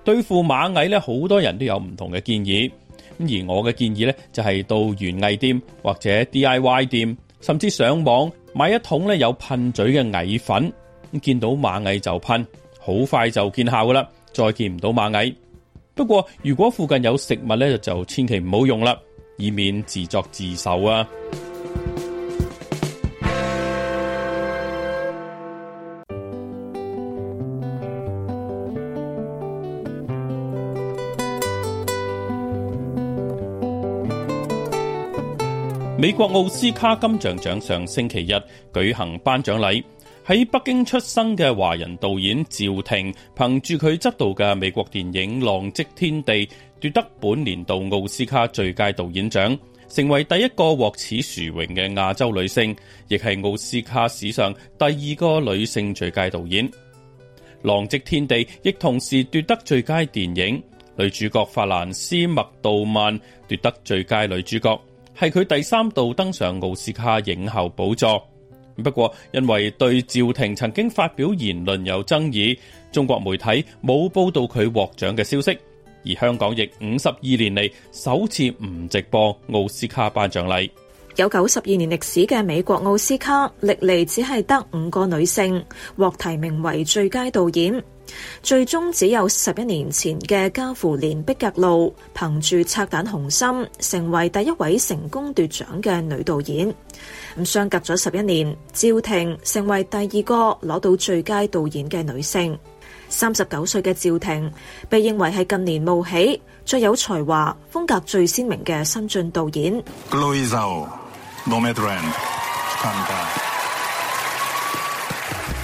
對付螞蟻呢，好多人都有唔同嘅建議，咁而我嘅建議呢，就係到園藝店或者 DIY 店，甚至上網買一桶呢有噴嘴嘅蟻粉，咁見到螞蟻就噴，好快就見效噶啦，再見唔到螞蟻。不過如果附近有食物呢，就千祈唔好用啦，以免自作自受啊！美國奧斯卡金像獎上星期日舉行頒獎禮，喺北京出生嘅華人導演趙婷，憑住佢執導嘅美國電影《浪跡天地》，奪得本年度奧斯卡最佳導演獎，成為第一個獲此殊榮嘅亞洲女性，亦係奧斯卡史上第二個女性最佳導演。《浪跡天地》亦同時奪得最佳電影，女主角法蘭斯·麥杜曼奪得最佳女主角。係佢第三度登上奧斯卡影后寶座，不過因為對趙婷曾經發表言論有爭議，中國媒體冇報道佢獲獎嘅消息，而香港亦五十二年嚟首次唔直播奧斯卡頒獎禮。有九十二年歷史嘅美國奧斯卡歷嚟只係得五個女性獲提名為最佳導演。最終只有十一年前嘅加芙蓮畢格露憑住拆彈雄心，成為第一位成功奪獎嘅女導演。咁相隔咗十一年，趙婷成為第二個攞到最佳導演嘅女性。三十九歲嘅趙婷被認為係近年冒起、最有才華、風格最鮮明嘅新晉導演。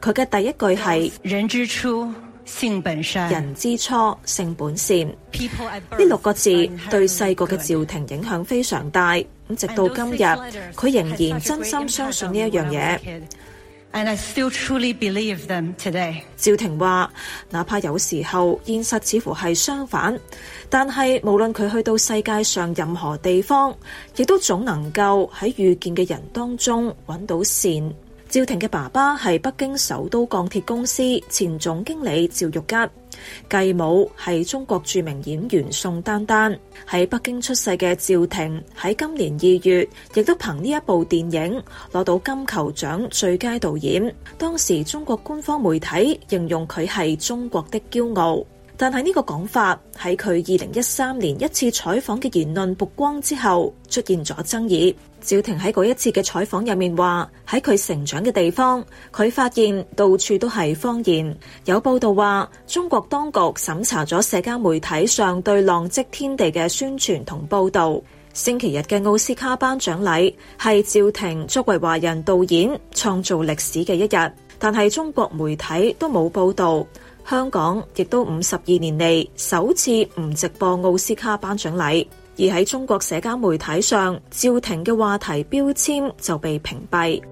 佢嘅第一句係：人之初性本善。人之初性本善。呢六個字對細個嘅趙婷影響非常大。咁直到今日，佢仍然真心相信呢一樣嘢。趙婷話，哪怕有時候現實似乎係相反，但係無論佢去到世界上任何地方，亦都總能夠喺遇見嘅人當中揾到善。趙婷嘅爸爸係北京首都鋼鐵公司前總經理趙玉吉，繼母係中國著名演員宋丹丹，喺北京出世嘅趙婷喺今年二月，亦都憑呢一部電影攞到金球獎最佳導演，當時中國官方媒體形容佢係中國的驕傲。但係呢個講法喺佢二零一三年一次採訪嘅言論曝光之後出現咗爭議。趙婷喺嗰一次嘅採訪入面話，喺佢成長嘅地方，佢發現到處都係謊言。有報道話，中國當局審查咗社交媒體上對《浪跡天地》嘅宣傳同報道。星期日嘅奧斯卡頒獎禮係趙婷作為華人導演創造歷史嘅一日，但係中國媒體都冇報道。香港亦都五十二年嚟，首次唔直播奧斯卡頒獎禮，而喺中國社交媒體上，趙婷嘅話題標籤就被屏蔽。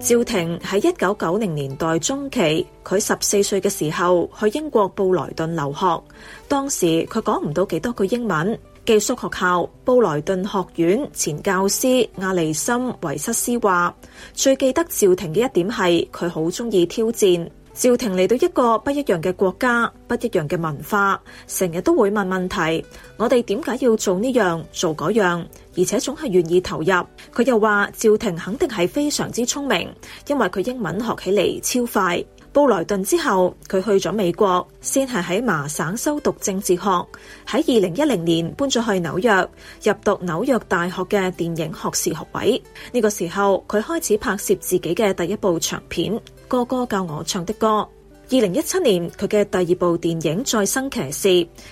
趙 <music> 婷喺一九九零年代中期，佢十四歲嘅時候去英國布萊頓留學，當時佢講唔到幾多句英文。寄宿學校布萊頓學院前教師亞尼森維塞斯話：最記得趙婷嘅一點係佢好中意挑戰。趙婷嚟到一個不一樣嘅國家，不一樣嘅文化，成日都會問問題。我哋點解要做呢樣做嗰樣？而且總係願意投入。佢又話趙婷肯定係非常之聰明，因為佢英文學起嚟超快。布萊頓之後，佢去咗美國，先係喺麻省修讀政治學。喺二零一零年搬咗去紐約，入讀紐約大學嘅電影學士學位。呢個時候佢開始拍攝自己嘅第一部長片《哥哥教我唱的歌》。二零一七年佢嘅第二部電影《再生騎士》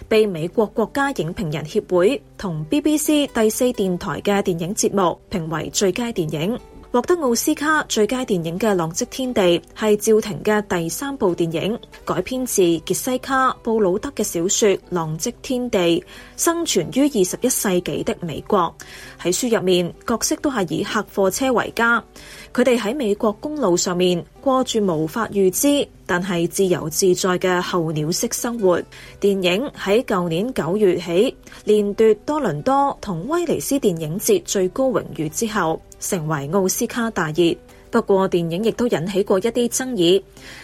被美國國家影評人協會同 BBC 第四電台嘅電影節目評為最佳電影。獲得奧斯卡最佳電影嘅《浪跡天地》係趙婷嘅第三部電影，改編自傑西卡·布魯德嘅小說《浪跡天地》。生存於二十一世紀的美國。喺書入面，角色都係以客貨車為家，佢哋喺美國公路上面過住無法預知但係自由自在嘅候鳥式生活。電影喺舊年九月起連奪多倫多同威尼斯電影節最高榮譽之後。成為奧斯卡大熱，不過電影亦都引起過一啲爭議。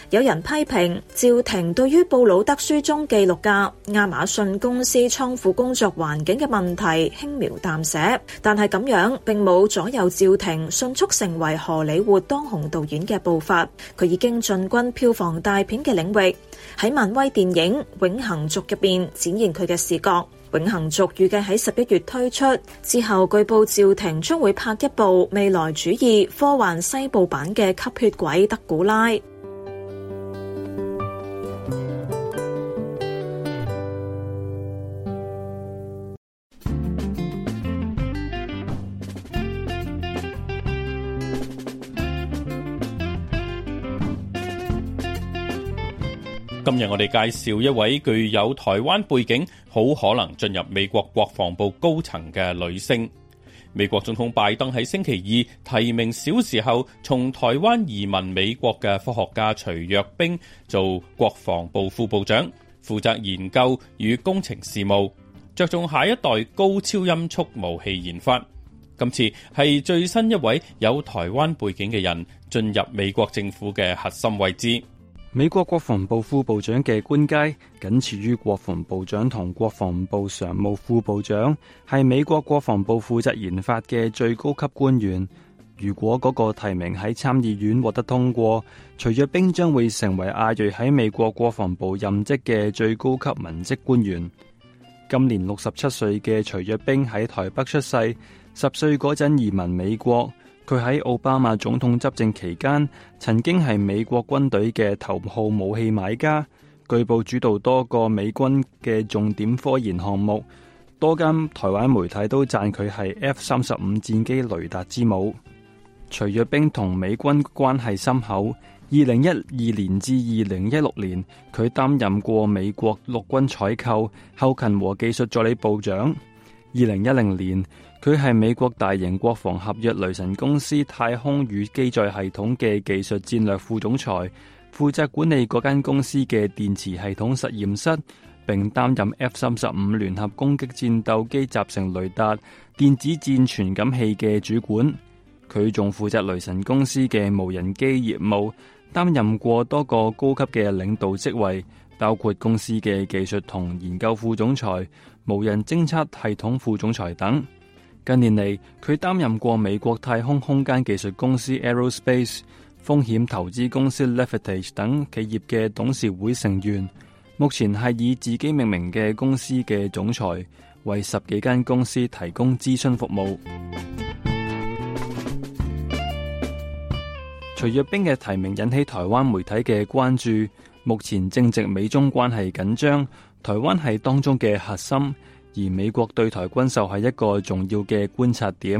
有人批評趙婷對於布魯德書中記錄嘅亞馬遜公司倉庫工作環境嘅問題輕描淡寫，但係咁樣並冇左右趙婷迅速成為荷里活當紅導演嘅步伐。佢已經進軍票房大片嘅領域，喺漫威電影《永恆族》入邊展現佢嘅視角。永恆族預計喺十一月推出，之後，據報趙婷將會拍一部未來主義科幻西部版嘅吸血鬼德古拉。今日我哋介紹一位具有台灣背景、好可能進入美國國防部高層嘅女性。美國總統拜登喺星期二提名小時候從台灣移民美國嘅科學家徐若冰做國防部副部長，負責研究與工程事務，着重下一代高超音速武器研發。今次係最新一位有台灣背景嘅人進入美國政府嘅核心位置。美國國防部副部長嘅官階，僅次於國防部長同國防部常務副部長，係美國國防部負責研發嘅最高級官員。如果嗰個提名喺參議院獲得通過，徐若冰將會成為亞裔喺美國國防部任職嘅最高級文職官員。今年六十七歲嘅徐若冰喺台北出世，十歲嗰陣移民美國。佢喺奧巴馬總統執政期間，曾經係美國軍隊嘅頭號武器買家，據報主導多個美軍嘅重點科研項目。多間台灣媒體都讚佢係 F 三十五戰機雷達之母。徐若冰同美軍關係深厚。二零一二年至二零一六年，佢擔任過美國陸軍採購、後勤和技術助理部長。二零一零年。佢係美國大型國防合約雷神公司太空與機載系統嘅技術戰略副總裁，負責管理嗰間公司嘅電磁系統實驗室，並擔任 F 三十五聯合攻擊戰鬥機集成雷達電子戰傳感器嘅主管。佢仲負責雷神公司嘅無人機業務，擔任過多個高級嘅領導職位，包括公司嘅技術同研究副總裁、無人偵測系統副總裁等。近年嚟，佢擔任過美國太空空間技術公司 Aerospace、風險投資公司 Leverage 等企業嘅董事會成員，目前係以自己命名嘅公司嘅總裁，為十幾間公司提供諮詢服務。 <music> 徐若冰嘅提名引起台灣媒體嘅關注，目前正值美中關係緊張，台灣係當中嘅核心。而美國對台軍售係一個重要嘅觀察點，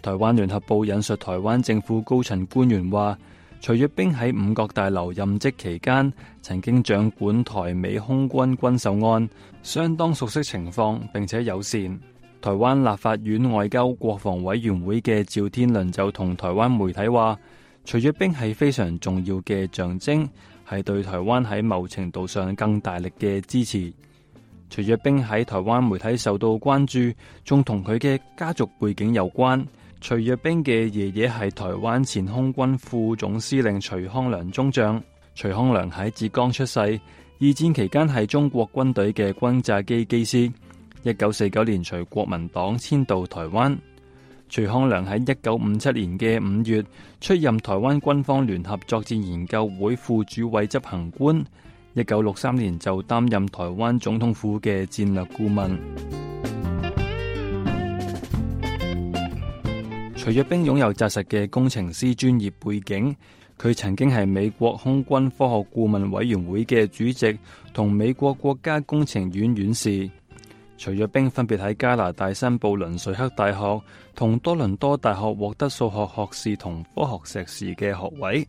台灣聯合報引述台灣政府高層官員話徐若冰喺五角大樓任職期間曾經掌管台美空軍軍售案，相當熟悉情況，並且友善。台灣立法院外交國防委員會嘅趙天麟就同台灣媒體話徐若冰係非常重要嘅象徵，係對台灣喺某程度上更大力嘅支持。徐若冰喺台灣媒體受到關注，仲同佢嘅家族背景有關。徐若冰嘅爺爺係台灣前空軍副總司令徐康良中將。徐康良喺浙江出世，二戰期間係中國軍隊嘅轟炸機機師。一九四九年隨國民黨遷到台灣。徐康良喺一九五七年嘅五月出任台灣軍方聯合作戰研究會副主委執行官。一九六三年就擔任台灣總統府嘅戰略顧問。徐若冰擁有紮實嘅工程師專業背景，佢曾經係美國空軍科學顧問委員會嘅主席，同美國國家工程院院士。徐若冰分別喺加拿大新布倫瑞克大學同多倫多大學獲得數學學士同科學碩士嘅學位，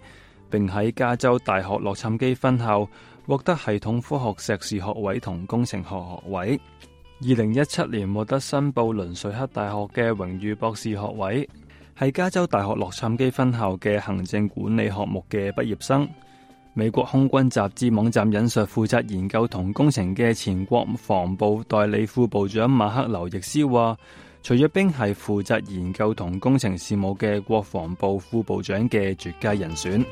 並喺加州大學洛杉磯分校。獲得系統科學碩士學位同工程學學位，二零一七年獲得新布倫瑞克大學嘅榮譽博士學位，係加州大學洛杉磯分校嘅行政管理學目嘅畢業生。美國空軍雜誌網站引述負責研究同工程嘅前國防部代理副部長馬克劉易斯話，徐若冰係負責研究同工程事務嘅國防部副部長嘅絕佳人選。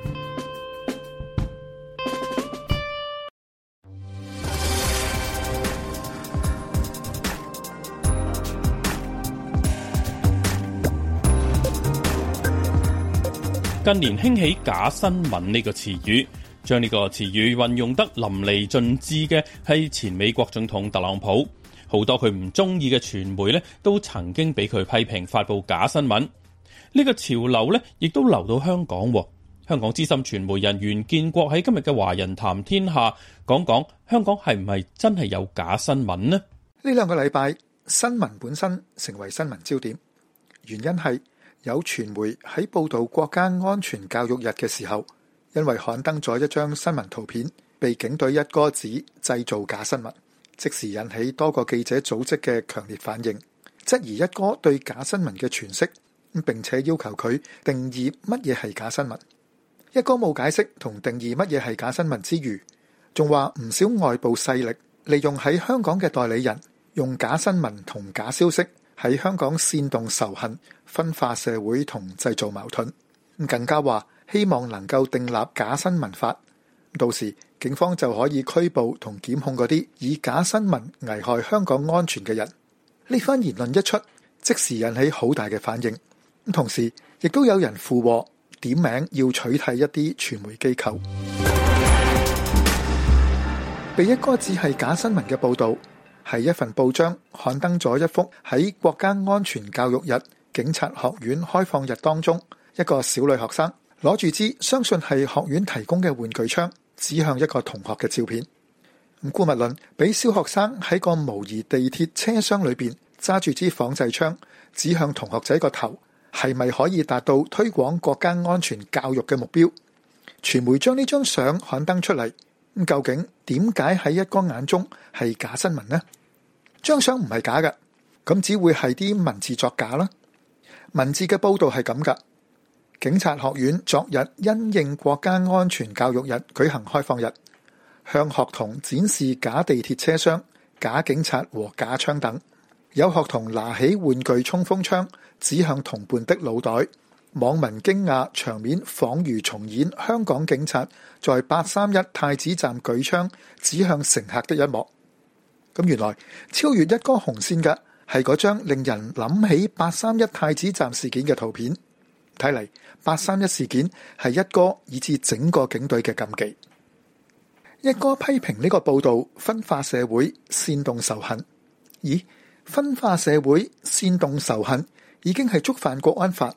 近年興起假新聞呢個詞語，將呢個詞語運用得淋漓盡致嘅係前美國總統特朗普。好多佢唔中意嘅傳媒呢，都曾經俾佢批評發布假新聞。呢個潮流呢，亦都流到香港。香港資深傳媒人袁建國喺今日嘅《華人談天下》講講香港係唔係真係有假新聞呢？呢兩個禮拜，新聞本身成為新聞焦點，原因係有傳媒喺報道國家安全教育日嘅時候，因為刊登咗一張新聞圖片，被警隊一哥指製造假新聞，即時引起多個記者組織嘅強烈反應，質疑一哥對假新聞嘅詮釋，並且要求佢定義乜嘢係假新聞。一哥冇解釋同定義乜嘢係假新聞之餘，仲話唔少外部勢力利用喺香港嘅代理人，用假新聞同假消息喺香港煽動仇恨。分化社會同製造矛盾，更加話希望能夠訂立假新聞法，到時警方就可以拘捕同檢控嗰啲以假新聞危害香港安全嘅人。呢番言論一出，即時引起好大嘅反應，同時亦都有人附和，點名要取締一啲傳媒機構。 <noise> 被一哥指係假新聞嘅報道，係一份報章刊登咗一幅喺國家安全教育日。警察學院開放日當中，一個小女學生攞住支相信係學院提供嘅玩具槍，指向一個同學嘅照片。咁姑勿論，俾小學生喺個模擬地鐵車廂裏邊揸住支仿製槍，指向同學仔個頭，係咪可以達到推廣國家安全教育嘅目標？傳媒將呢張相刊登出嚟，咁究竟點解喺一哥眼中係假新聞呢？張相唔係假嘅，咁只會係啲文字作假啦。文字嘅報導係咁噶，警察學院昨日因應國家安全教育日舉行開放日，向學童展示假地鐵車廂、假警察和假槍等。有學童拿起玩具衝鋒槍指向同伴的腦袋，網民驚訝，場面恍如重演香港警察在八三一太子站舉槍指向乘客的一幕。咁原來超越一桿紅線噶。係嗰張令人諗起八三一太子站事件嘅圖片，睇嚟，八三一事件係一哥以至整個警隊嘅禁忌。一哥批評呢個報道分化社會、煽動仇恨。咦？分化社會、煽動仇恨已經係觸犯國安法，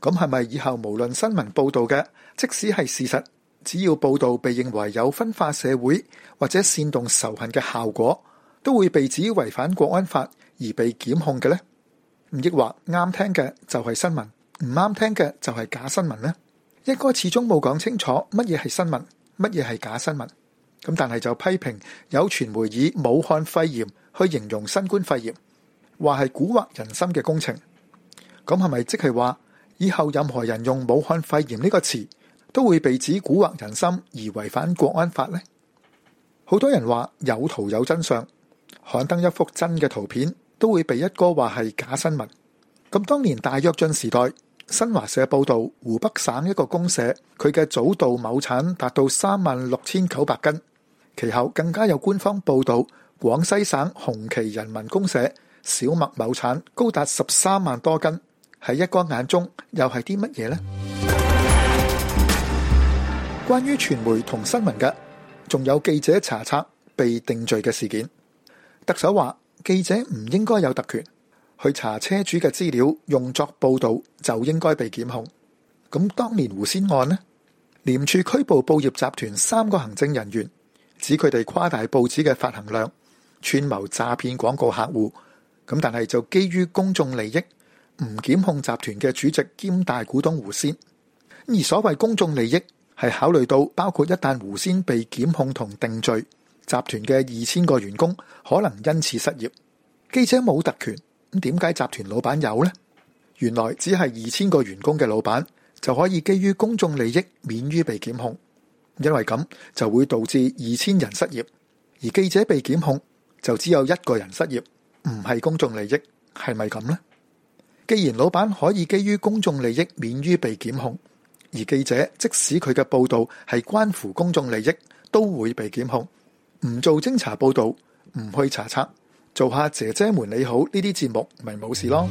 咁係咪以後無論新聞報道嘅，即使係事實，只要報道被認為有分化社會或者煽動仇恨嘅效果，都會被指違反國安法？而被檢控嘅咧，亦話啱聽嘅就係新聞，唔啱聽嘅就係假新聞咧。一哥始終冇講清楚乜嘢係新聞，乜嘢係假新聞。咁但係就批評有傳媒以武漢肺炎去形容新冠肺炎，話係蠱惑人心嘅工程。咁係咪即係話以後任何人用武漢肺炎呢個詞都會被指蠱惑人心而違反國安法呢？好多人話有圖有真相，刊登一幅真嘅圖片。都會被一哥話係假新聞。咁當年大躍進時代，新華社報道湖北省一個公社佢嘅早稻畝產達到三萬六千九百斤，其後更加有官方報道廣西省紅旗人民公社小麥畝產高達十三萬多斤。喺一哥眼中，又係啲乜嘢呢？關於傳媒同新聞嘅，仲有記者查冊被定罪嘅事件，特首話。記者唔應該有特權去查車主嘅資料用作報道，就應該被檢控。咁當年胡仙案呢？廉署拘捕報業集團三個行政人員，指佢哋誇大報紙嘅發行量，串謀詐騙廣告客戶。咁但係就基於公眾利益，唔檢控集團嘅主席兼大股東胡仙。而所謂公眾利益，係考慮到包括一旦胡仙被檢控同定罪，集團嘅二千個員工可能因此失業。記者冇特權，咁點解集團老闆有呢？原來只係二千個員工嘅老闆就可以基於公眾利益免於被檢控，因為咁就會導致二千人失業，而記者被檢控就只有一個人失業，唔係公眾利益，係咪咁呢？既然老闆可以基於公眾利益免於被檢控，而記者即使佢嘅報導係關乎公眾利益，都會被檢控。唔做偵查報導，唔去查察，做下姐姐們你好呢啲節目，咪冇事咯。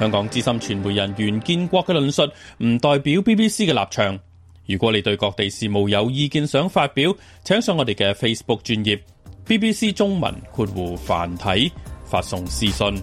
香港資深傳媒人袁建國嘅論述唔代表 BBC 嘅立場。如果你對各地事務有意見想發表，請上我哋嘅 Facebook 專頁 BBC 中文括弧繁體發送私信。